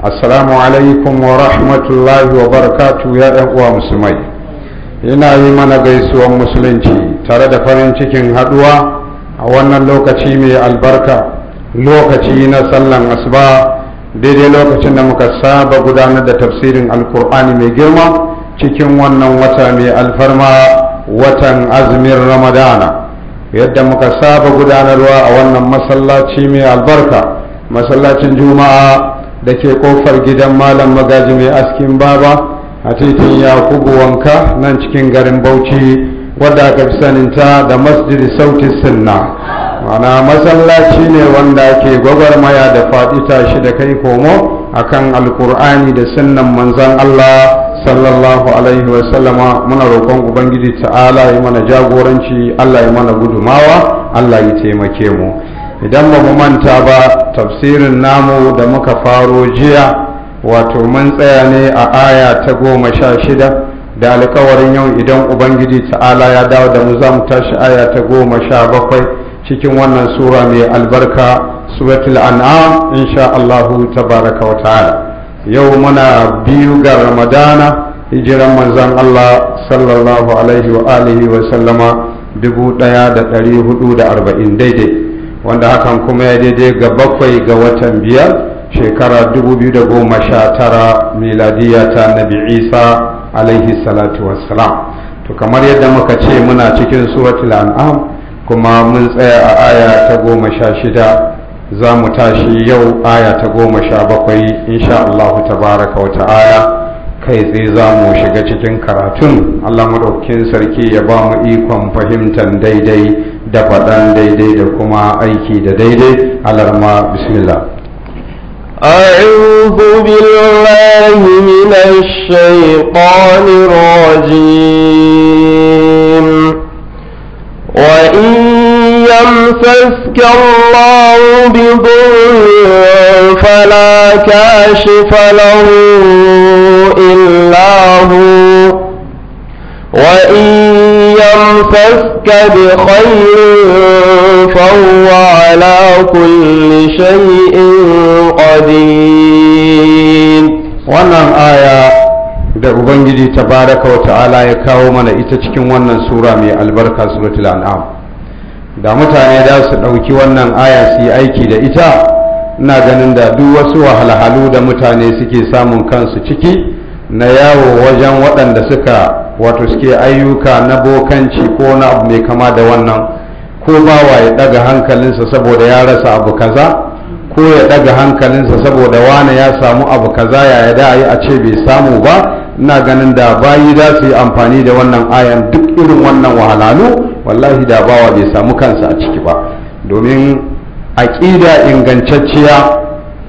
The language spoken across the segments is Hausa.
assalamu alaikum wa rahmatullahi wa barakatu ya ɗan uwa musulmai ina yi mana gaisuwan musulunci tare da farin cikin haɗuwa a wannan lokaci mai albarka lokaci na sallan asuba daidai lokacin da muka saba gudanar da tafsirin alkur'ani mai girma cikin wannan wata mai alfarma watan azumin ramadana yadda muka saba gudanarwa a wannan masallaci mai albarka masallacin juma'a da ke kofar gidan malam magaji mai askin baba a titin yakubu wanka nan cikin garin bauchi wadda aka fi saninta da masjid sauti sinna mana masallaci ne wanda ake gwagwarmaya da faɗi tashi da kai komo kan alkur'ani da sunnan manzan allah sallallahu alaihi wasallama muna roƙon ubangiji ta'ala yi mana jagoranci allah yi mana gudumawa allah yi taimake mu idan ba mu manta ba tafsirin namu da muka faro jiya wato mun tsaya ne a aya ta goma sha shida da alkawarin yau idan ubangiji ta'ala ya dawo da mu za mu tashi aya ta goma sha bakwai cikin wannan sura mai albarka suratul an'am insha Allahu tabaraka wa ta'ala yau muna biyu ga ramadana hijiran manzan Allah sallallahu alaihi wa alihi wa sallama dubu ɗaya da ɗari hudu da arba'in daidai wanda hakan kuma ya daidai ga bakwai ga watan biyar shekara 2019 miladiya ta nabi isa alaihi salatu wassalam to kamar yadda muka ce muna cikin suratul an'am kuma mun tsaya a aya ta goma sha shida za mu tashi yau aya ta goma sha bakwai insha Allah baraka wata aya kai tsaye za mu shiga cikin karatun Allah maɗaukin sarki ya ba mu ikon fahimtar daidai da faɗan daidai da kuma aiki da daidai alarma bismillah يمسسك الله بضر فلا كاشف له إلا هو وإن يمسسك بخير فهو على كل شيء قدير wannan aya da ubangiji tabaraka wa ta'ala ya kawo mana ita cikin wannan sura mai albarka suratul an'am da mutane da su ɗauki wannan aya su yi aiki da ita ina ganin da duk wasu wahalhalu da mutane suke samun kansu ciki na yawo wajen waɗanda suka wato suke ayyuka na bokanci ko na abu mai kama da wannan ko bawa ya daga hankalinsa saboda ya rasa abu kaza ko ya daga hankalinsa saboda wane ya samu abu kaza ya da yi a ce bai samu ba ina ganin da bayi za su yi amfani da wannan ayan duk irin wannan wahalalu wallahi da bawa bai samu kansa a ciki ba domin aƙida ingantacciya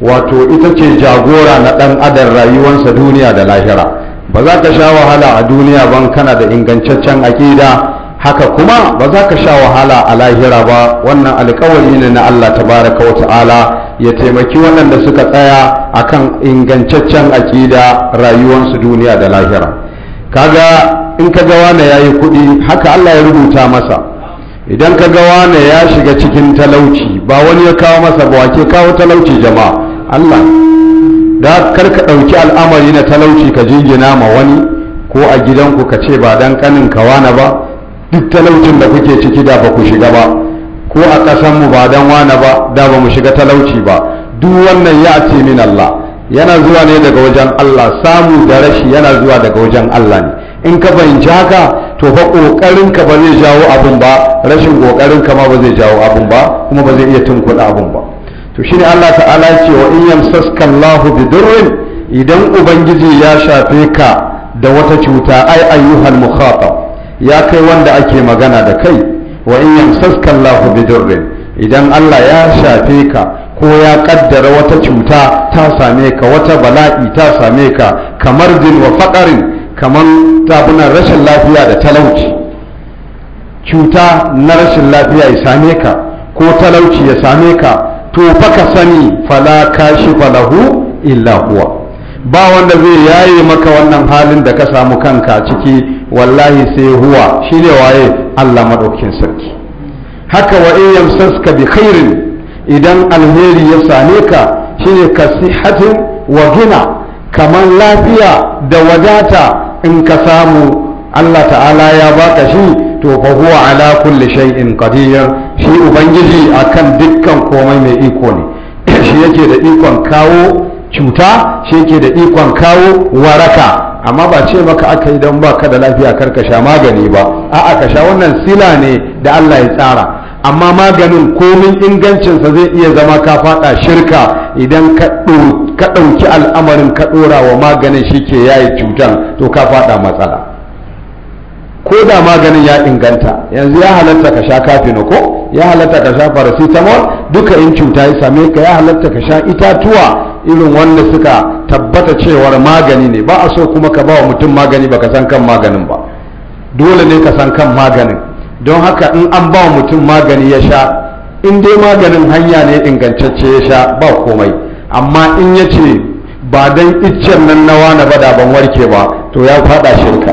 wato ita ce jagora na ɗan adar rayuwarsa duniya da lahira ba za ka sha wahala a duniya ban kana da ingantaccen aƙida haka kuma ba za ka sha wahala a lahira ba wannan alkawari ne na Allah ta tabaraka wa ta'ala ya taimaki waɗanda suka tsaya akan ingantaccen aƙida rayuwarsu duniya da lahira kaga in ka ga wane yi kuɗi haka Allah ya rubuta masa idan ka ga wane ya shiga cikin talauci ba wani ya kawo masa ba wake kawo talauci jama'a Allah da kar ka ɗauki al'amari na talauci ka jingina ma wani ko a gidanku ka ce ba dan kanin kawana ba duk talaucin da kuke ciki da ba ku shiga ba ko a ƙasan mu ba dan wana ba da ba mu shiga talauci ba duk wannan ya ce min Allah yana zuwa ne daga wajen Allah samu da rashi yana zuwa daga wajen Allah ne in ka fahimci haka to fa kokarin ka ba zai jawo abun ba rashin kokarin ka ma ba zai jawo abun ba kuma ba zai iya tunkuɗa abun ba to ne Allah ta'ala ce wa in yamsaska Allahu bidurrin idan ubangiji ya shafe ka da wata cuta ai ayyuhal mukhatab ya kai wanda ake magana da kai wa in yamsaska Allahu bidurrin idan Allah ya shafe ka ko ya kaddara wata cuta ta same ka wata bala'i ta same ka kamar din wa faqarin kamar tabunan rashin lafiya da talauci cuta na rashin lafiya ya same ka ko talauci ya same ka to fa ka sani fala kashifa falahu illa huwa ba wanda zai yaye maka wannan halin da ka samu kanka ciki wallahi sai huwa ne waye Allah madaukakin sarki haka wa in yamsaska bi khairin idan alheri ya same ka shine kasihatin wa gina kamar lafiya da wadata in ka samu Allah ta'ala ya baka shi to fa huwa ala kulli shay'in qadir shi ubangiji akan dukkan komai mai iko ne shi yake da ikon kawo cuta shi yake da ikon kawo waraka amma ba ce maka aka yi don baka da lafiya karka sha magani ba a'a aka sha wannan sila ne da Allah ya tsara amma maganin komin ingancinsa zai iya zama ka fada shirka idan ka ɗauki al'amarin ka ɗora wa maganin shi ke yayi cutan to ka fada matsala ko da maganin ya inganta yanzu ya halatta ka sha kafino ko ya halatta ka sha paracetamol duka in cuta ya same ka ya halatta ka sha itatuwa irin wanda suka tabbata cewar magani ne ba a so kuma ka ba wa mutum magani baka san kan maganin ba dole ne ka san kan maganin don haka in an ba wa mutum magani ya sha in dai maganin hanya ne ingantacce ya sha ba komai amma in ya ce ba dan iccen nan na wani bada ban warke ba to ya faɗa shirka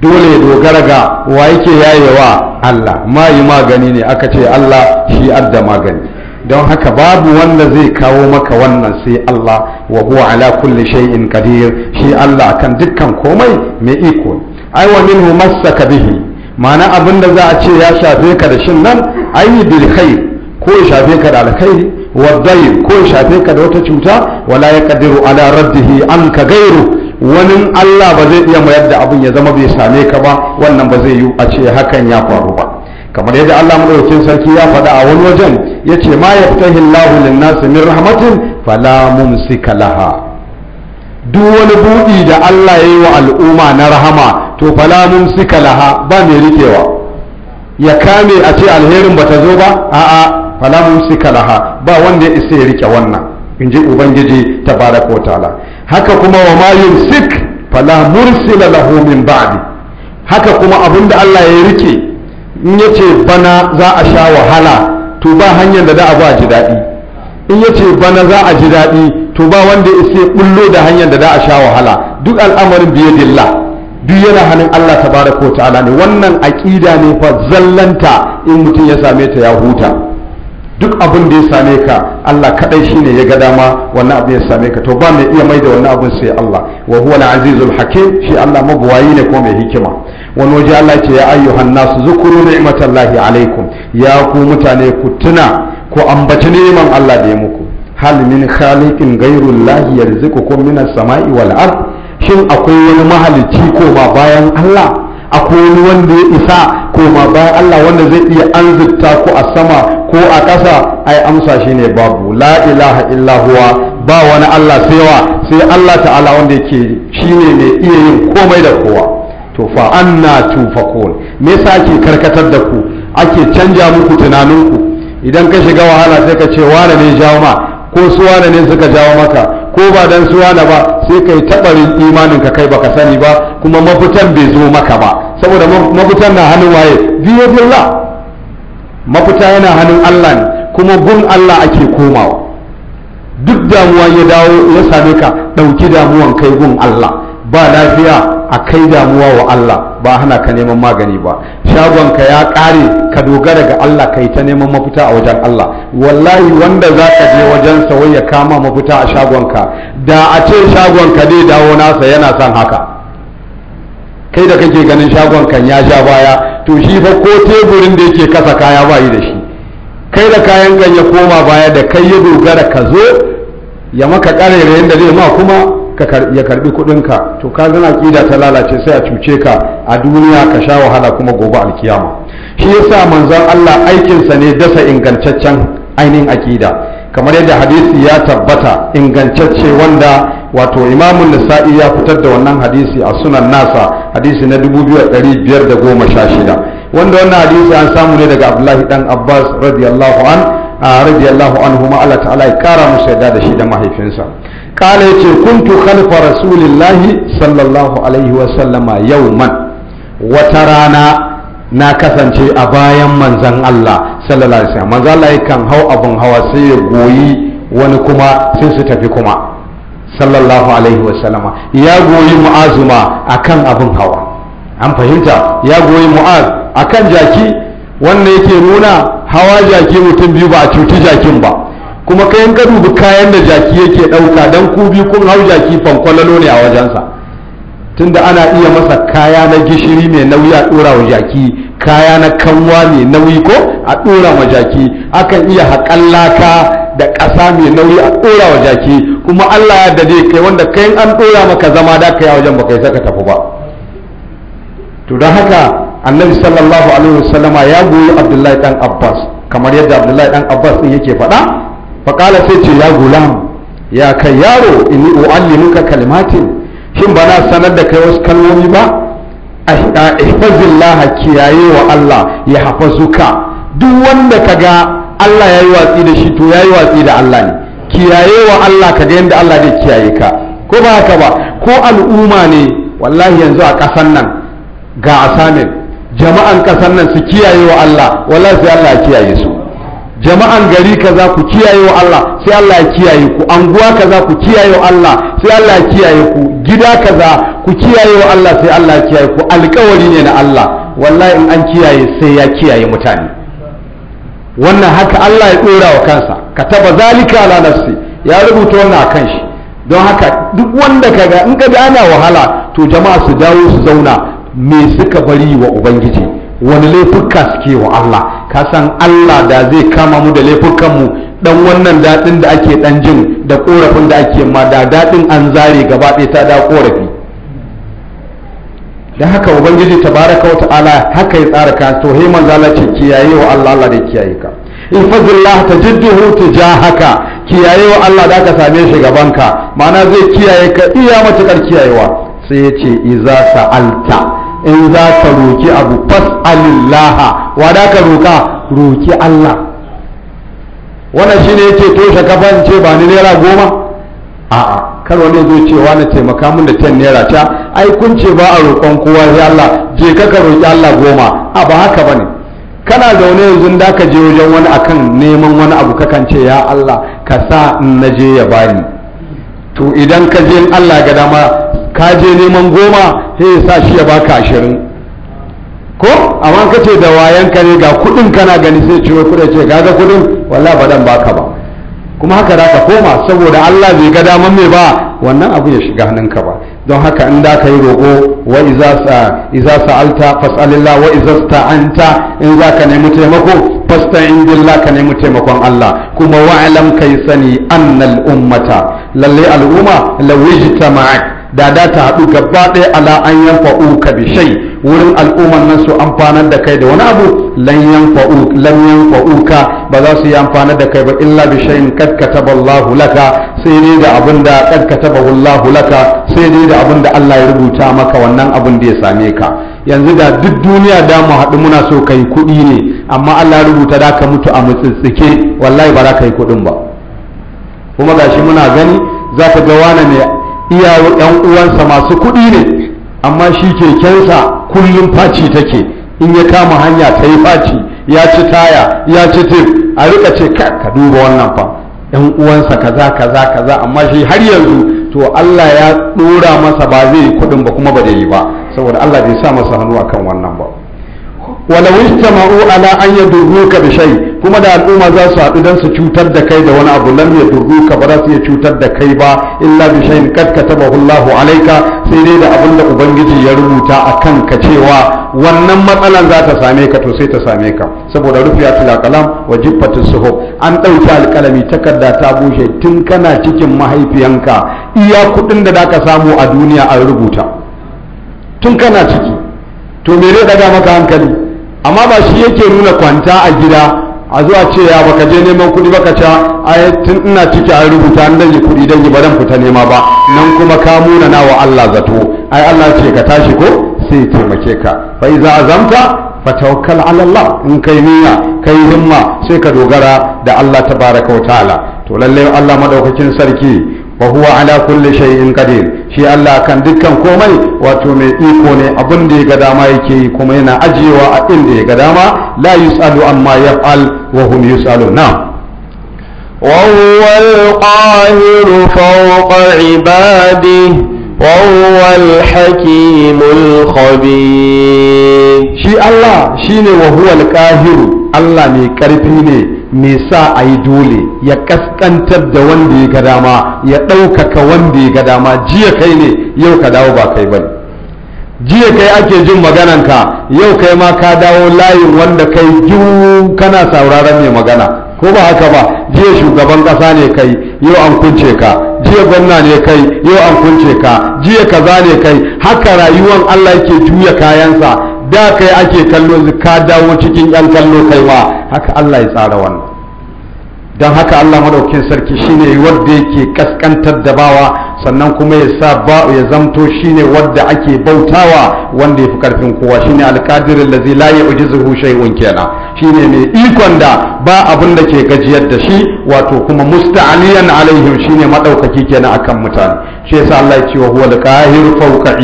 dole dogara ga wa yake yayewa Allah mayi magani ne aka ce Allah shi adda magani don haka babu wanda zai kawo maka wannan sai Allah wa huwa ala kulli shay'in qadir shi Allah kan dukkan komai mai iko ai wa minhu massaka bihi ma'ana abinda za a ce ya shafe ka da shin nan ai bil khair ko ya shafe ka da alkhairi wa ko ya shafe ka da wata cuta wala yaqdiru ala raddihi anka gairu wani Allah ba zai iya mayar da abin ya zama bai same ka ba wannan ba zai yi a ce hakan ya faru ba kamar yadda Allah madaukakin sarki ya faɗa a wani wajen yace ma yaftahi Allahu lin-nasi min rahmatin fala mumsika laha duk wani buɗi da Allah ya yi wa al'umma na rahama to fala mumsika laha ba mai rikewa ya kame a ce alherin bata zo ba a'a fala mumsika laha ba wanda ya isa ya rike wannan in ji ubangiji tabaraka wa ta'ala haka kuma wa ma sik fala mursila lahu min ba'di haka kuma abinda Allah ya rike in yace bana za a sha wahala to ba hanyar da da a ji daɗi in yace bana za a ji daɗi to ba wanda ya bullo da hanyar da da a sha wahala duk al'amarin dilla duk yana hannun Allah tabaraka wa ta'ala ne wannan aƙida ne fa zallanta in mutum ya same ta ya huta duk abin da ya same ka Allah kadai shine ya ga dama wannan abu ya same ka to ba mai iya mai da wannan abun sai Allah wa huwa al-azizul hakim shi Allah mabuwayi ne ko mai hikima wani waje Allah ce ya ayyuhan nasu zukuru ni'matallahi alaikum ya ku mutane ku tuna ku ambaci neman Allah da ya muku hal min khaliqin ghairullahi yarzuqukum minas sama'i wal ard shin akwai wani mahalicci ko ba bayan Allah akwai wani wanda ya isa ko ba bayan Allah wanda zai iya anzurta ku a sama ko a ƙasa ai amsa shi ne babu la ilaha illa huwa ba wani Allah sai wa sai Allah ta'ala wanda yake shi ne mai iya yin komai da kowa to fa anna tufakun me yasa ake karkatar da ku ake canja muku tunaninku idan ka shiga wahala sai ka ce wane ne jawo ma ko su wane ne suka jawo maka ko ba dan su wane ba sai kai tabarin imanin ka kai ba ka sani ba kuma mafitan bai zo maka ba saboda mafitan na hannun waye biyo billah mafita yana hannun Allah ne kuma gun Allah ake komawa duk damuwa ya dawo ya same ka ɗauki damuwan kai gun Allah ba lafiya a kai damuwa wa Allah ba hana ka neman magani ba shagonka ya ƙare ka dogara ga Allah ka yi ta neman mafita a wajen Allah wallahi wanda za ka je wajen wai ya kama mafita a shagonka da a ce shagonka dai dawo nasa yana son haka kai da kake ganin shagon kan ya sha baya to shi fa ko teburin da yake kasa kaya ba yi da shi kai da kayan ganye koma baya da kai ya dogara ka zo ya maka karere da zai ma kuma ya karbi kudinka to ka gana ƙida ta lalace sai a cuce ka a duniya ka sha wahala kuma gobe alkiyama shi yasa manzon Allah aikinsa ne dasa ingantaccen ainihin aƙida kamar yadda hadisi ya tabbata ingantacce wanda wato imamun nisa'i ya fitar da wannan hadisi a sunan nasa hadisi na 2516 wanda wannan hadisi an samu ne daga abdullahi dan abbas radiyallahu an radiyallahu anhu ma Allah ta'ala ya kara musu yadda da shi da mahaifinsa kala yace kuntu khalfa rasulillahi sallallahu alaihi wa sallama yawman wata rana na kasance a bayan manzan Allah sallallahu alaihi wasallam manzan Allah yakan hau abun hawa sai ya goyi wani kuma sai su tafi kuma sallallahu alaihi wasallam ya goyi mu'azuma akan abun hawa an fahimta ya goyi mu'az akan jaki wannan yake nuna hawa jaki mutum biyu ba a cuti jakin ba kuma kayan ka dubi kayan da jaki yake ɗauka don ku biyu kun hau jaki fankwalalo ne a wajensa tunda ana iya masa kaya na gishiri mai nauyi a ɗora wa jaki kaya na kanwa mai nauyi ko a ɗora wa jaki akan iya haƙan laka da ƙasa mai nauyi a ɗora wa jaki kuma Allah ya dade kai wanda kai an ɗora maka zama da kai a wajen baka yi saka tafi ba to dan haka annabi sallallahu alaihi wasallama ya goyi abdullahi dan abbas kamar yadda abdullahi dan abbas din yake faɗa faƙala sai ce ya gulam ya kai yaro inni u'allimuka kalimatin shin ba na sanar da kai wasu kalmomi ba ah, ah, ihfazillaha kiyaye wa Allah ya zuka duk wanda ka ga Allah ya yi watsi da shi to ya yi watsi da Allah ne kiyaye wa Allah ka ga yadda Allah zai kiyaye ka ko ba haka ba ko al'umma ne wallahi yanzu a ƙasan nan ga asamin jama'an ƙasan nan su kiyaye wa Allah wallahi sai Allah ya kiyaye su jama'an gari kaza ku kiyaye wa Allah sai Allah ya kiyaye ku anguwa kaza ku kiyaye wa Allah sai Allah ya kiyaye ku gida kaza ku kiyaye wa Allah sai Allah ya kiyaye ku alƙawari ne na Allah wallahi in an kiyaye sai ya kiyaye mutane wannan haka Allah ya dora wa kansa ka taɓa zalika ala nafsi ya rubuta wannan akan shi don haka duk wanda kaga in kaga ana wahala to jama'a su dawo su zauna me suka bari wa ubangiji wani laifuka suke wa Allah ka san Allah da zai kama mu da laifukanmu dan wannan daɗin da ake dan jin da korafin da ake ma da daɗin an zare gaba ɗaya ta da korafi da haka ubangiji tabaraka wa ta'ala haka ya tsara ka to he manzo Allah ce kiyaye wa Allah Allah da kiyaye ka in fadlillah tajidduhu tijahaka kiyaye wa Allah da ka same shi gaban ka ma'ana zai kiyaye ka iya matukar kiyayewa sai ya ce iza sa'alta in za ka roki abu fas'alillaha wa da ka roka roki Allah wannan shine yake toshe kafan ce ba ni naira goma a'a kar wani zo cewa na taimaka min da ten naira ta ai kun ce ba a roƙon kowa sai Allah je ka ka roƙi Allah goma a ba haka bane kana zaune yanzu da ka je wajen wani akan neman wani abu kakan ce ya Allah ka sa in na je ya bani to idan ka je in Allah ga dama ka je neman goma sai ya sa shi ya baka ashirin ko amma ka ce da ka ne ga kudin kana gani sai ciwo kudin ce gaga kudin wallah ba dan baka ba kuma haka da ka koma saboda Allah bai ga daman me ba wannan abu ya shiga hannun ka ba don haka in da ka yi roƙo wa iza sa'alta fas'alillah wa iza sta'anta in za ka nemi taimako fasta'in billah ka nemi taimakon Allah kuma wa'alam kai sani annal ummata lalle al'umma lawajtama'at da da ta haɗu gaba ɗaya ala an yanfa ka bi shai wurin al'umman nan su amfanar da kai da wani abu lan yanfa uka ba za su yi amfanar da kai ba illa bi shay'in kad Allahu laka sai dai da abin da kad Allahu laka sai dai da abin da Allah ya rubuta maka wannan abin da ya same ka yanzu da duk duniya da mu haɗu muna so kai kuɗi ne amma Allah ya rubuta da ka mutu a mutsitsike wallahi ba za ka yi kuɗin ba kuma gashi muna gani za ka ga wane ne iyawo yan uwansa masu kuɗi ne amma shi kekensa kullum faci take in ya kama hanya ta yi faci ya ci taya ya ci tif a rika ce ka duba wannan fa yan uwansa kaza kaza kaza amma shi har yanzu to Allah ya ɗora masa ba zai kuɗin ba kuma ba da yi ba saboda Allah bai sa masa hannu akan wannan ba walau istama'u ala an yadurruka bi shay kuma da al'umma za su haɗu don su cutar da kai da wani abu lam yadurruka ba za su iya cutar da kai ba illa bi shay kad katabahu Allahu alaika sai dai da abin da ubangiji ya rubuta a ka cewa wannan matsalan za ta same ka to sai ta same ka saboda rufiyatul kalam wa su suhub an ɗauki alƙalami takarda ta bushe tun kana cikin mahaifiyanka iya kuɗin da zaka samu a duniya an rubuta tun kana ciki to me daga maka hankali amma ba shi yake nuna kwanta a gida a zuwa ce ya baka je neman kuɗi baka ca tun ina ciki an rubuta an dangi kuɗi dangi ba dan fita nema ba nan kuma ka muna na wa Allah zato ai Allah ce ka tashi ko sai taimake ka fa iza azamta tawakkal ala Allah in kai niyya kai himma sai ka dogara da Allah tabaraka wa ta'ala to lalle Allah madaukakin sarki wa huwa ala kulli shay'in qadir shi Allah kan dukkan komai wato mai iko ne abin da ya ga dama yake yi kuma yana ajiyewa a inda ya ga dama la yusalu amma yaf'al wa hum yusaluna وهو القاهر فوق عباده وهو allah الخبير شي ne شيني qahiru Allah ne مي ne. me sa a yi dole ya kaskantar da wanda ya ga dama ya ɗaukaka wanda ya ga dama jiya kai ne yau ka dawo ba kai bane jiya kai ake jin magananka yau kai ma ka dawo layin wanda kai giwu kana sauraron mai magana ko ba haka ba jiya shugaban ƙasa ne kai yau an kunce ka jiya gwamna ne kai yau an kunce ka jiya kaza ne kai haka rayuwan Allah yake juya kayansa da kai ake kallo ka dawo cikin yan kallo kai ma haka Allah ya tsara wannan don haka Allah madaukin sarki shine wanda yake kaskantar da bawa sannan kuma ya sa ba ya zamto shine wanda ake bautawa wanda ya fi karfin kowa shine alkadirin allazi la yu'jizuhu shay'un kenan shine mai ikon da ba abin da ke gajiyar da shi wato kuma musta'aliyan alaihim shine madaukaki kenan akan mutane shi yasa Allah ya ce wa huwal qahir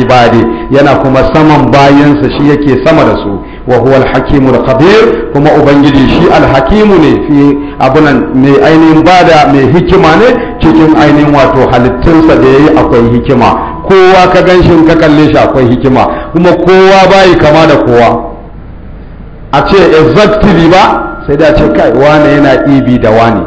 ibadi yana kuma saman bayansa shi yake sama da su wa huwal hakimul hakimu kuma ubangiji shi alhakimu ne fi abunan mai ainihin bada mai hikima ne cikin ainihin wato halittunsa da yayi akwai hikima kowa ka ganshin ka kalle shi akwai hikima kuma kowa bai kama da kowa a ce exactly ba sai da ce kai wane yana ibi e da wane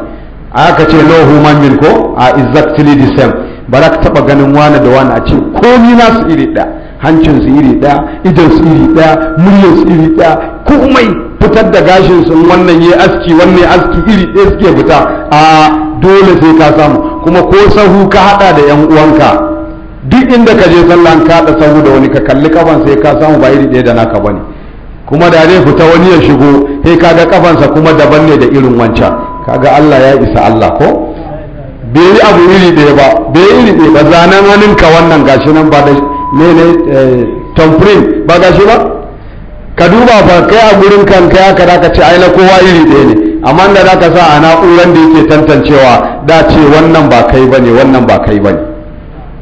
aka ce no human being ko a exactly the same ba za ka taba ganin wane da wane a ce komi nasu iri ɗaya hancin su iri ɗaya idan su iri ɗaya muryar su iri ɗaya komai fitar da gashin sun wannan ya aski wannan aski iri ɗaya suke fita a dole sai ka samu kuma ko sahu ka hada da yan uwanka duk inda ka je sallah ka haɗa sahu da wani ka kalli kafan sai ka samu ba iri ɗaya da naka bane kuma da zai fita wani ya shigo sai kaga kafansa kuma daban ne da irin wancan kaga Allah ya isa Allah ko bai yi abu iri ɗaya ba bai iri ɗaya ba zanen hannunka wannan gashi nan ba da ne ne eh, tamfrin ba gashi ba ka duba ba kai a gurin kanka ya kada ka ce ai na kowa iri ɗaya ne amma da za ka sa a na'uran da yake tantancewa da ce wannan ba kai ba ne wannan ba kai ba ne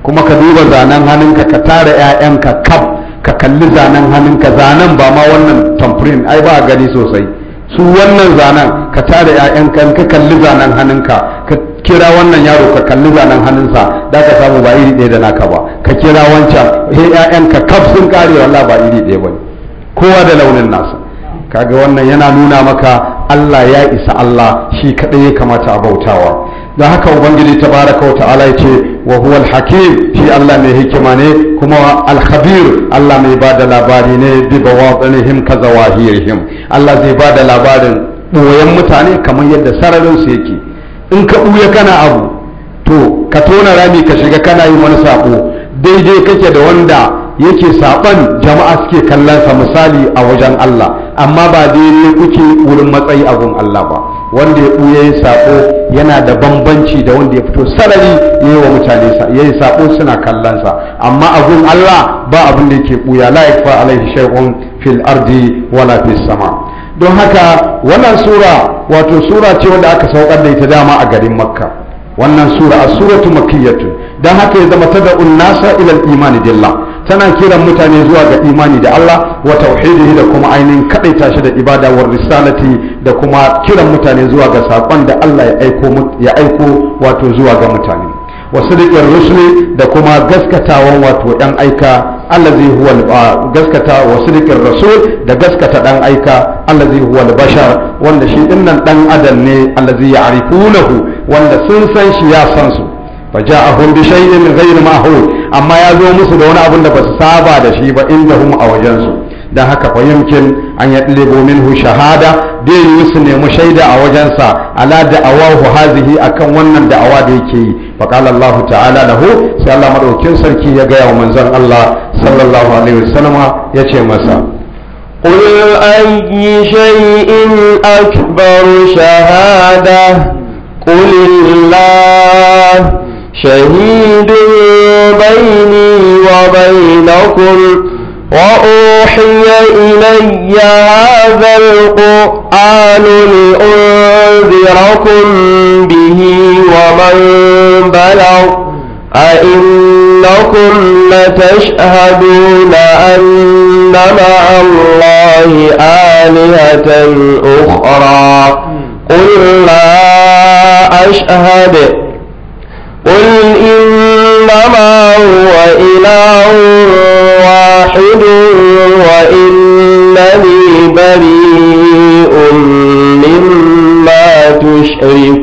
kuma ka duba zanen hannunka ka tara 'ya'yanka kaf ka kalli zanen hannunka zanen ba ma wannan tamfrin ai ba a gani sosai su wannan zanen ka tare 'ya'yanka ka kalli zanen hannunka ka kira wannan yaro ka kalli zanen hannunsa da ka samu ba iri ɗaya da naka ba ka kira wancan he 'ya'yanka kaf sun kare wallah ba iri ɗaya ba kowa da launin nasa kaga wannan yana nuna maka Allah ya isa Allah shi kaɗai ya kamata a bautawa da haka ubangiji tabaraka wa ta'ala yace wa huwal hakim shi Allah mai hikima ne kuma al khabir Allah mai bada labari ne bi bawatinihim ka zawahirihim Allah zai bada labarin boyen mutane kamar yadda sararin su yake in ka buya kana abu to ka tona rami ka shiga kana yi wani sako daidai kake da wanda yake saban jama'a suke kallon sa misali a wajen Allah amma ba daidai kuke wurin matsayi abun Allah ba wanda ya ɓuya saƙo yana da bambanci da wanda ya fito sarari ya yi wa mutane ya yi saƙo suna kallonsa amma abin Allah ba abin da yake ɓuya la yakfa alaihi shay'un fil ardi wala fis sama don haka wannan sura wato sura ce wanda aka saukar da ita dama a garin makka wannan sura as-suratu makkiyatu don haka ya zama tad'un nasa ila al-imani billah tana kiran mutane zuwa ga imani da Allah wa tauhidihi da kuma ainihin kadaita shi da ibada wa risalati da kuma kiran mutane zuwa ga sakon da Allah ya aiko ya aiko wato zuwa ga mutane wa sadiqir rusuli da kuma gaskatawan wato yan aika allazi huwa gaskata wa sadiqir rasul da gaskata dan aika allazi huwa bashar wanda shi dinnan dan adam ne allazi ya'rifunahu wanda sun san shi ya san su فجاءهم بشيء غير معهود amma ya zo musu da wani abun da ba su saba da shi ba inda hum a wajensu da haka fa yumkin an ya ɗilebo minhu shahada dai yi su nemi shaida a wajensa ala da'awahu hazihi akan wannan da'awa da yake yi qala Allah ta'ala lahu sai Allah madaukin sarki ya gaya wa manzon Allah sallallahu alaihi wasallama ya ce masa قل أي شيء أكبر شهادة قل الله شهيد بيني وبينكم وأوحي إلي هذا القرآن لأنذركم به ومن بلغ أئنكم لتشهدون أن مع الله آلهة أخرى قل لا أشهد قل إنما هو إله واحد وإنني بريء مما تشركون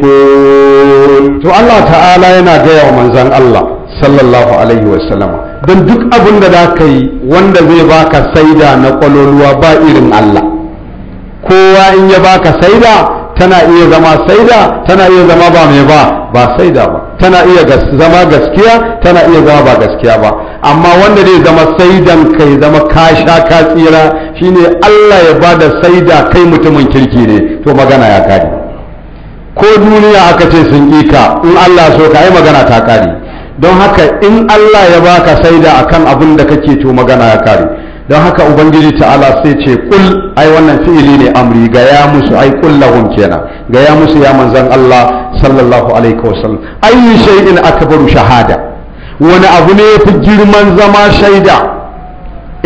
تو الله تعالى ينا جاي ومنزان الله صلى الله عليه وسلم don duk abin da za ka yi wanda zai baka saida na kwaloluwa ba irin Allah kowa in ya baka saida tana iya zama saida tana iya zama ba mai ba ba saida ba tana iya zama gaskiya tana iya zama ba gaskiya ba amma wanda zai zama saidan kai zama ka sha ka tsira shine Allah ya bada saida kai mutumin kirki ne to magana ya kare ko duniya aka ce sun ka in Allah so ka yi magana ta kare don haka in Allah ya baka saida akan abin da kake to magana ya kare don haka ubangiji ta'ala sai ce kul ai wannan fi'ili ne amri ga ya musu ai kul lahum kenan ga ya musu ya manzan Allah sallallahu alaihi wasallam ayyu shay'in akbaru shahada wani abu ne yafi girman zama shaida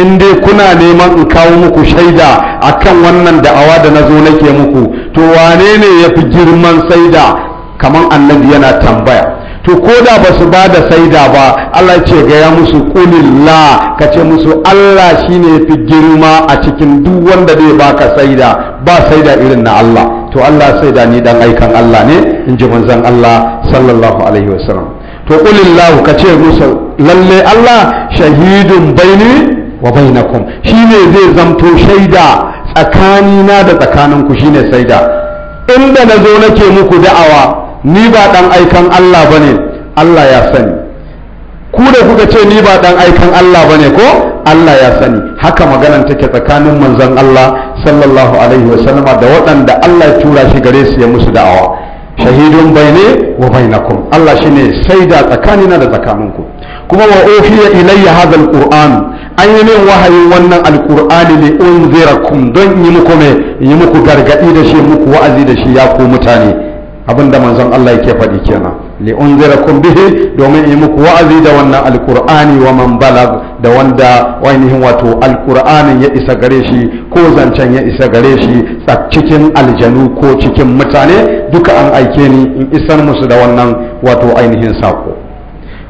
in dai kuna neman in kawo muku shaida akan wannan da'awa da nazo nake muku to wane ne yafi girman shaida kaman annabi yana tambaya to ko da ba su ba da saida ba Allah ce gaya musu kulilla ka ce musu Allah shine fi girma a cikin duk wanda zai baka saida ba saida irin na Allah to Allah saida ni dan aikan Allah ne in ji manzan Allah sallallahu alaihi wasallam to kulillah ka ce musu lalle Allah shahidun baini wa bainakum shine zai zamto shaida tsakanina da tsakaninku shine saida inda na zo nake muku da'awa ni ba ɗan aikan Allah ba ne Allah ya sani ku da kuka ce ni ba ɗan aikan Allah ba ne ko Allah ya sani haka maganan take tsakanin manzon Allah sallallahu alaihi wasallama da waɗanda Allah ya tura shi gare su ya musu da'awa shahidun ne wa bainakum Allah shine da tsakanina da tsakaninku kuma wa ya ilayya hadha alquran an yi min wahayin wannan in li unzirakum don yi muku me yi muku gargadi da shi muku wa'azi da shi ya ku mutane abin da manzon Allah yake faɗi kenan li unzirakum bihi domin yi muku wa'azi da wannan alqur'ani wa man balag da wanda ainihin wato alqur'anin ya isa gare shi ko zancen ya isa gare shi cikin aljanu ko cikin mutane duka an aike ni in isar musu da wannan wato ainihin sako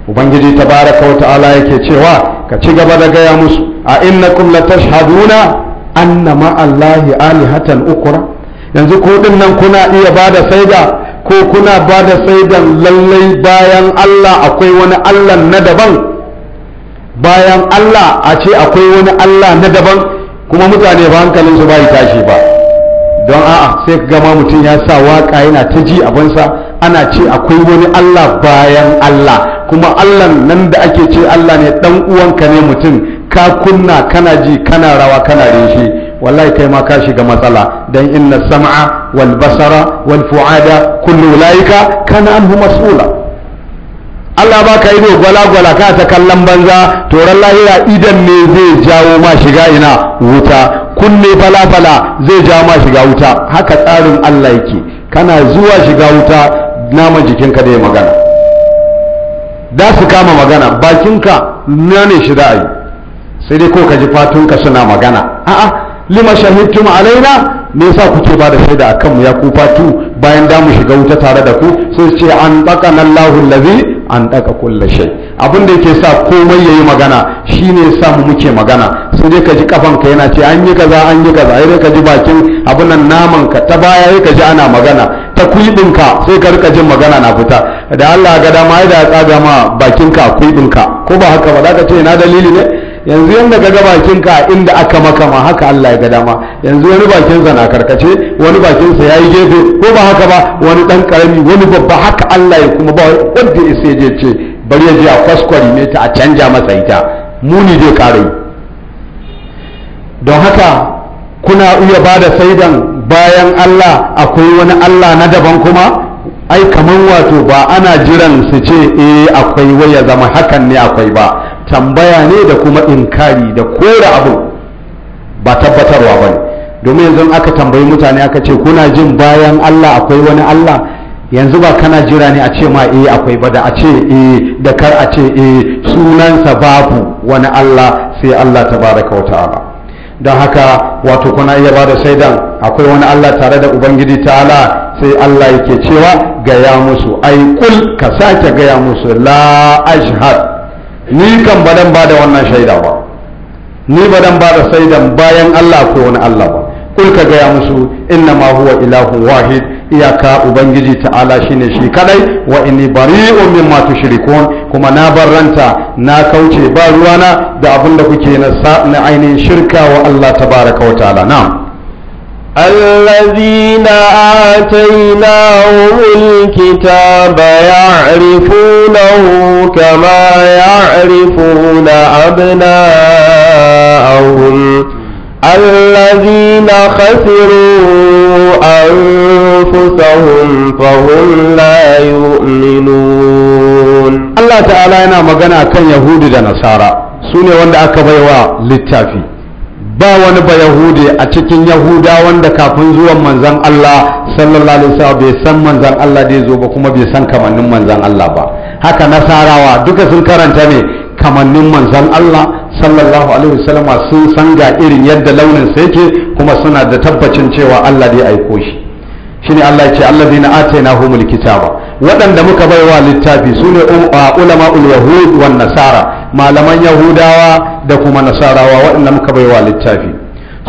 ubangiji tabaraka wa ta'ala yake cewa ka ci gaba da gaya musu a innakum latashhaduna anna ma'allahi alihatan ukra yanzu ko nan kuna iya bada saida ko kuna ba da saidan lallai bayan Allah akwai wani Allah na daban bayan Allah a ce akwai wani Allah na daban kuma mutane ba hankalin ba bai tashi ba don a'a sai gama mutum ya sa waka yana ta ji abinsa ana ce akwai wani Allah bayan Allah kuma Allah nan da ake ce Allah ne dan uwanka ne mutum ka kunna kana ji kana rawa kana rishi wallahi kai ma ka shiga matsala dan inna sam'a wal basara wal fu'ada kullu ulaika kana anhu mas'ula Allah ba ka ido gwala-gwala ka ta kallon banza toron lahira idan ne zai jawo ma shiga ina wuta kunne fala-fala zai jawo ma shiga wuta haka tsarin Allah yake kana zuwa shiga wuta naman jikinka da ya magana da su kama magana bakinka na ne shi da'ayi sai dai ko ka ji fatunka suna magana a'a lima shahidtum alaina me yasa kuke ba da shaida akan mu ya ku fatu bayan da mu shiga wuta tare da ku sai ce an baqana Allahu allazi an daka kulli shay abin da yake sa komai yayi magana shine yasa mu muke magana sai dai ka ji kafan ka yana ce an yi kaza an yi kaza sai ka ji bakin abin nan naman ka ta baya sai ka ji ana magana ta kuidin ka sai ka rika jin magana na fita da Allah ga dama ya da tsaga ma bakin ka ka ko ba haka ba za ka ce ina dalili ne yanzu yadda ka ga bakinka inda aka maka ma haka Allah ya ga dama yanzu wani bakinsa na karkace wani bakinsa ya yi gefe ko ba haka ba wani dan karami wani babba haka Allah ya kuma ba wanda ya sai je ce bari ya je a kwaskwari ne ta a canja masa ita muni zai ƙara kare. don haka kuna iya ba da saidan bayan Allah akwai wani Allah na daban kuma ai kaman wato ba ana jiran su ce eh akwai waya zama hakan ne akwai ba tambaya ne da kuma inkari da kora abu ba tabbatarwa ba ne domin yanzu aka tambayi mutane aka ce kuna jin bayan Allah akwai wani Allah yanzu ba kana jira ne a ce ma eh akwai ba da a ce eh da kar a ce eh sunansa babu wani Allah sai Allah tabaraka wa ba don haka wato kuna iya ba da shaidan akwai wani Allah tare da Ubangiji ta'ala sai Allah yake cewa gaya musu ai kul ka sake gaya musu la ni kan ba dan ba wannan shaida ba ni ba dan ba da shaidan bayan Allah ko wani Allah ba kul ka gaya musu inna ma huwa ilahun wahid iyaka ubangiji ta'ala shine shi kadai wa inni bari'un mimma tushrikun kuma na barranta na kauce ba ruwana da abin da kuke na ainihin shirka wa Allah tabaaraka wa ta'ala na'am الذين آتيناهم الكتاب يعرفونه كما يعرفون أبناءهم الذين خسروا أنفسهم فهم لا يؤمنون الله تعالى أنا مغنى كان يهود نصارى سوني وانا أكبر للتافي ba wani ba yahudi a cikin yahuda wanda kafin zuwan manzan Allah sallallahu alaihi wasallam bai san manzan Allah da zo ba kuma bai san kamannin manzan Allah ba haka nasarawa duka sun karanta ne kamannin manzan Allah sallallahu alaihi wasallam sun san ga irin yadda launin sa yake kuma suna da tabbacin cewa Allah da ya aiko shi shine Allah ya ce allazina atainahumul kitaba waɗanda muka baiwa littafi sune ulama'ul yahud wan nasara malaman yahudawa da kuma nasarawa waɗanda muka bai wa littafi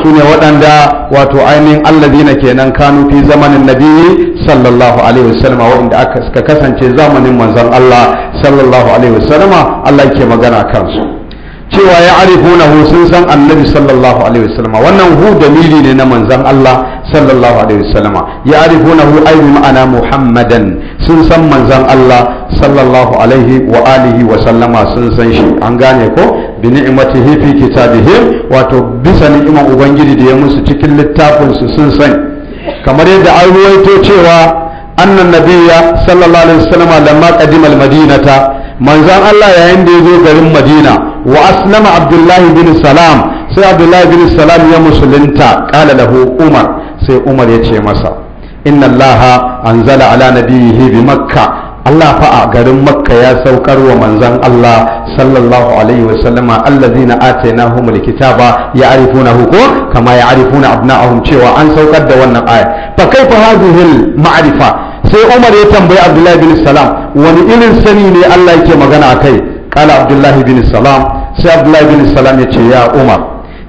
su ne waɗanda wato ainihin allazina kenan kanu fi zamanin nabi sallallahu alaihi wasallam waɗanda aka suka kasance zamanin manzon Allah sallallahu alaihi wasallam Allah yake magana kansu cewa ya hu sun san annabi sallallahu alaihi wasallam wannan hu dalili ne na manzon Allah sallallahu alaihi wasallam ya arifunahu ay ma'ana muhammadan sun san manzan Allah sallallahu alaihi wa alihi wa sallama sun san shi an gane ko bi ni'matihi fi kitabihim wato bisa ni'iman ubangiji da ya musu cikin littafin su sun san kamar yadda an ruwaito cewa annan nabiyya sallallahu alaihi wasallama lamma qadima al-madinata manzan Allah yayin da ya zo garin Madina wa aslama Abdullahi bin Salam sai Abdullahi bin Salam ya musulunta qala lahu Umar sai Umar ya ce masa inna allaha anzala ala nabiyihi bi makka Allah fa a garin Makka ya saukar wa manzan Allah sallallahu alaihi wa sallama allazina atainahumul kitaba ya'rifunahu ko kama ya ya'rifuna abna'ahum cewa an saukar da wannan aya fa kaifa hadhihi ma'rifa sai Umar ya tambayi Abdullah bin Salam wani irin sani ne Allah yake magana akai kala Abdullah bin Salam sai Abdullah bin Salam ya ce ya Umar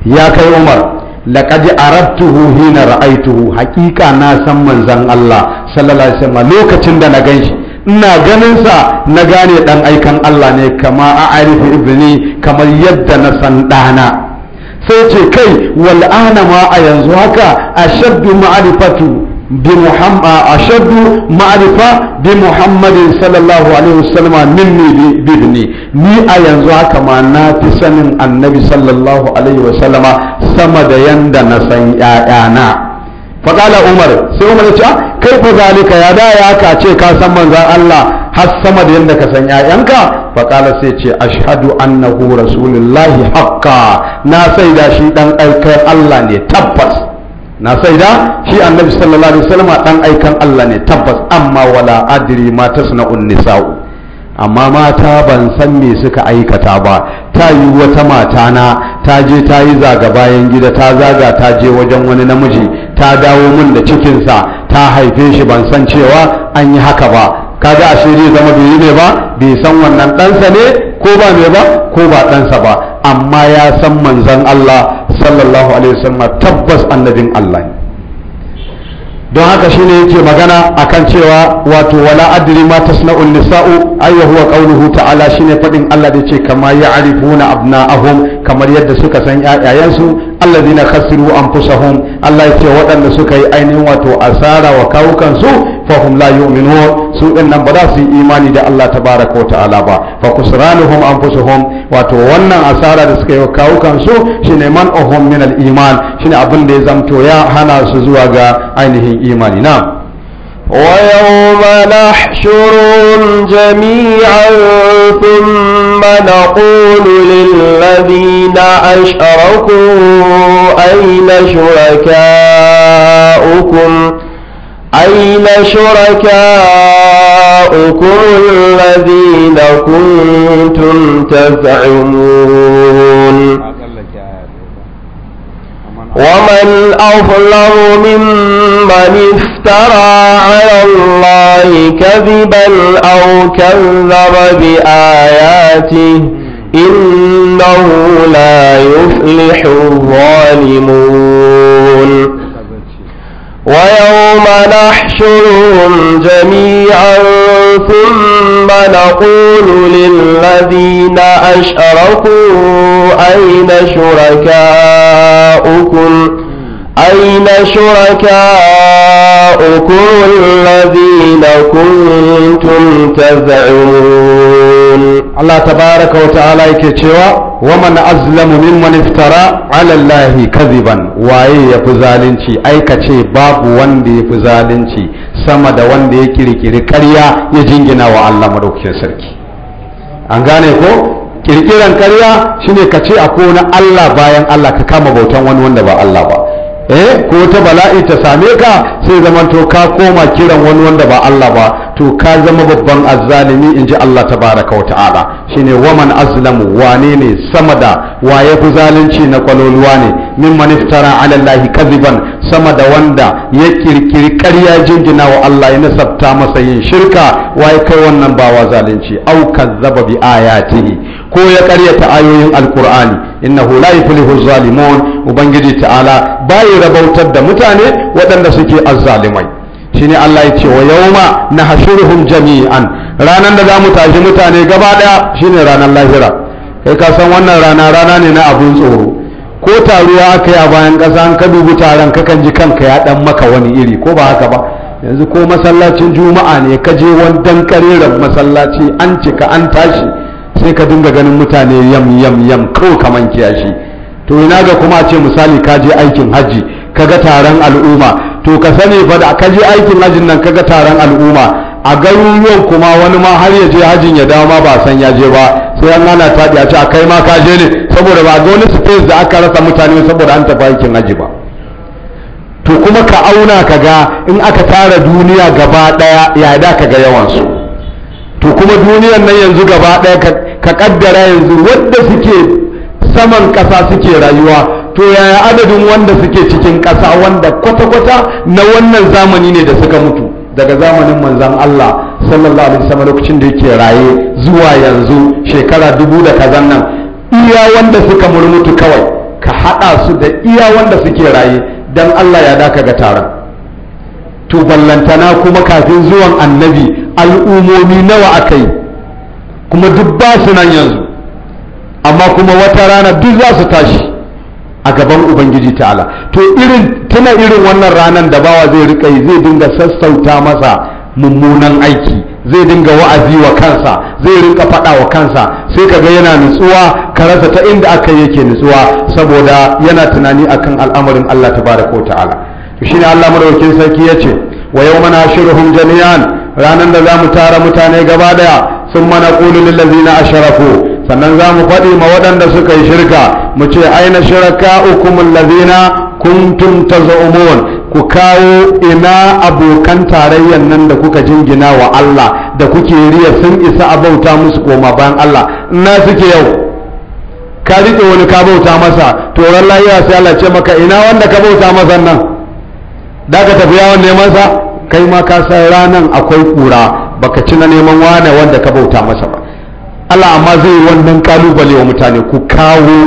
ya kai Umar laqad arabtuhu hina ra'aituhu haqiqa na san manzon Allah sallallahu lokacin da na ganshi ina ganin sa na gane dan aikan Allah ne kama a arifi ibni kamar yadda na san dana sai ce kai wal'ana ma a yanzu haka a ashaddu ma'rifatu بمحمد أشد معرفة بمحمد صلى الله عليه وسلم مني بابني ni a yanzu haka ma na fi sanin annabi sallallahu alaihi wasallam sama da yanda na san ƴaƴana faƙala umar sai umar ya ce kai fa zalika ya da ya ka ce ka san manzon Allah har sama da yadda ka san ƴaƴanka faƙala sai ce ashhadu annahu rasulullahi haqqa na sai da shi ɗan aikar Allah ne tabbas na sai da shi annabi sallallahu alaihi wasallam dan aikan Allah ne tabbas amma wala adri ma tasna'un nisa'u amma mata ban san me suka aikata ba ta yi wata mata na ta je ta yi zaga bayan gida ta zaga ta je wajen wani namiji ta dawo min da cikinsa ta haife shi ban san cewa an yi haka ba kaga ashe zai zama bai yi ne ba bai san wannan ɗansa ne ko ba ne ba ko ba ɗansa ba amma ya san manzon Allah sallallahu alaihi wasallam tabbas annabin Allah ne don haka shine yake magana akan cewa wato wala adri ma tasna'u nisa'u ayya huwa qawluhu ta'ala shine fadin Allah da yake kama ya'rifuna abna'ahum kamar yadda suka san ƴaƴayensu alladhina khasiru anfusahum Allah ya ce waɗanda suka yi ainihin wato asara wa kawukan su fahum la yu'minun su din nan ba za su yi imani da Allah tabaraka wa ta'ala ba fa kusranuhum anfusuhum wato wannan asara da suka yi wa kawukan su shine man ohum min al-iman shine abin da ya zamto ya hana su zuwa ga ainihin imani na ويوم نحشرهم جميعا ثم نقول للذين أشركوا أين شركاؤكم أين شركاؤكم الذين كنتم تزعمون ومن أظلم ممن افترى على الله كذبا أو كذب بآياته إنه لا يفلح الظالمون ويوم نحشرهم جميعا ثم نقول للذين أشركوا أين شركاؤكم أين شركاؤكم الذين كنتم تزعمون Allah tabaraka wa ta'ala yake cewa wa man azlamu mimman iftara ala Allahi kadhiban waye ya fi zalunci aikace babu wanda ya fi zalunci sama da wanda ya kirkiri ƙarya ya jingina wa Allah madaukakin sarki an gane ko kirkiran ƙarya shine ka ce akwai na Allah bayan Allah ka kama bautan wani wanda ba Allah ba eh ko ta bala'i ta same ka sai zaman to ka koma kiran wani wanda ba Allah ba to ka zama babban azzalimi in ji Allah tabaraka wa ta'ala shine waman azlamu wane ne sama da waye fi zalunci na kwaloluwa ne min iftara ala Allah sama da wanda ya kirkiri karya jingina wa Allah ya nasabta masa yin shirka waye kai wannan ba wa zalunci au kazzaba bi ayatihi ko ya ƙaryata ayoyin alqur'ani innahu la yuflihu zalimun ubangiji ta'ala bayi rabautar da mutane waɗanda suke azzalimai ne Allah ya ce wa yauma hashirhun jami'an ranar da za mu tashi mutane gaba ɗaya shi ne ranar lahira kai ka san wannan rana rana ne na abin tsoro ko taruwa aka yi a bayan ƙasa an ka dubi taron kakan ji kanka ya ɗan maka wani iri ko ba haka ba yanzu ko masallacin juma'a ne ka je wandan ƙarerar masallaci an cika an tashi sai ka dinga ganin mutane yam yam yam kawai kaman kiyashi to ina ga kuma ce misali ka je aikin hajji kaga taron al'umma to ka sani fa da ka je aikin hajjin nan kaga taron al'umma a garuruwan kuma wani ma har ya je hajjin ya dama ma ba san ya je ba sai an ana taɗi a ce a kai ma ka je ne saboda ba ga wani space da aka rasa mutane saboda an tafi aikin hajji ba to kuma ka auna ka ga in aka tara duniya gaba ɗaya ya da ka ga yawansu to kuma duniyan nan yanzu gaba daya ka kaddara yanzu wanda suke saman ƙasa suke rayuwa to yaya adadin wanda suke cikin ƙasa wanda kwata-kwata na wannan zamani ne da suka mutu daga zamanin manzan Allah sallallahu alaihi wasallam lokacin da yake raye zuwa yanzu shekara dubu da kazan nan iya wanda suka murmutu kawai ka haɗa su da iya wanda suke raye dan Allah ya daka ga taron to ballantana kuma kafin zuwan annabi al'umomi nawa aka kuma duk ba su nan yanzu amma kuma wata rana duk za su tashi a gaban ubangiji ta'ala to irin tuna irin wannan ranar da bawa zai rika yi zai dinga sassauta masa mummunan aiki zai dinga wa'azi wa kansa zai rinka faɗa wa kansa sai ka ga yana nutsuwa ka rasa ta inda aka yake nutsuwa saboda yana tunani akan al'amarin Allah tabaraka wa ta'ala to shine Allah madaukakin sarki yace wa yawma nashiruhum jami'an ranan da zamu tara mutane gaba daya sun mana qulu lil ladina asharafu sannan za mu faɗi ma waɗanda suka yi shirka mu ce aina shiraka ukumun lazina kuntum tazaumun ku kawo ina abokan tarayyan nan da kuka jingina wa Allah da kuke riya sun isa a bauta musu koma bayan Allah na suke yau ka riƙe wani ka bauta masa to ran lahiya sai Allah ce maka ina wanda ka bauta masa nan da ka tafi yawon neman sa kai ma ka san ranan akwai kura baka ci na neman wane wanda ka bauta masa ba Allah amma zai yi wannan kalubale wa mutane ku kawo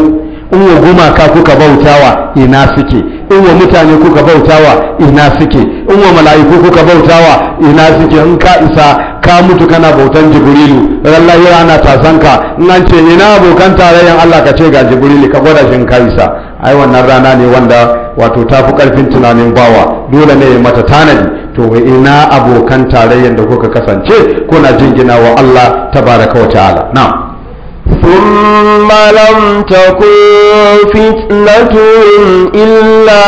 in wa gumaka kuka bautawa ina suke in wa mutane kuka bautawa ina suke in wa mala'iku kuka bautawa ina suke in ka isa ka mutu kana bautan jibrilu lallahi ana tasanka in an ce ina abokan tarayyan Allah ka ce ga jibrilu ka gwada shin ka isa ai wannan rana ne wanda wato ta fi karfin tunanin bawa dole ne mata tanadi to ina abokan tarayyar da kuka kasance kuna jingina wa Allah tabaraka wa ta'ala na'am ثم لم تكن an إلا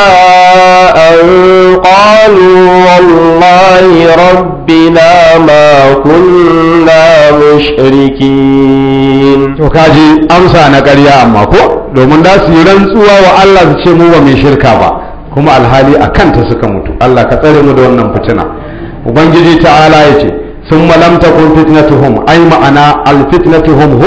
أن قالوا والله ربنا ما كنا مشركين وكاجي أمسى نقريا أما كو domin da su yi rantsuwa wa Allah su ce mu ba mai shirka ba kuma alhali a kanta suka mutu Allah ka tsare mu da wannan fitina ubangiji ta'ala ya ce sun malamta kun fitnatuhum ai ma'ana alfitnatuhum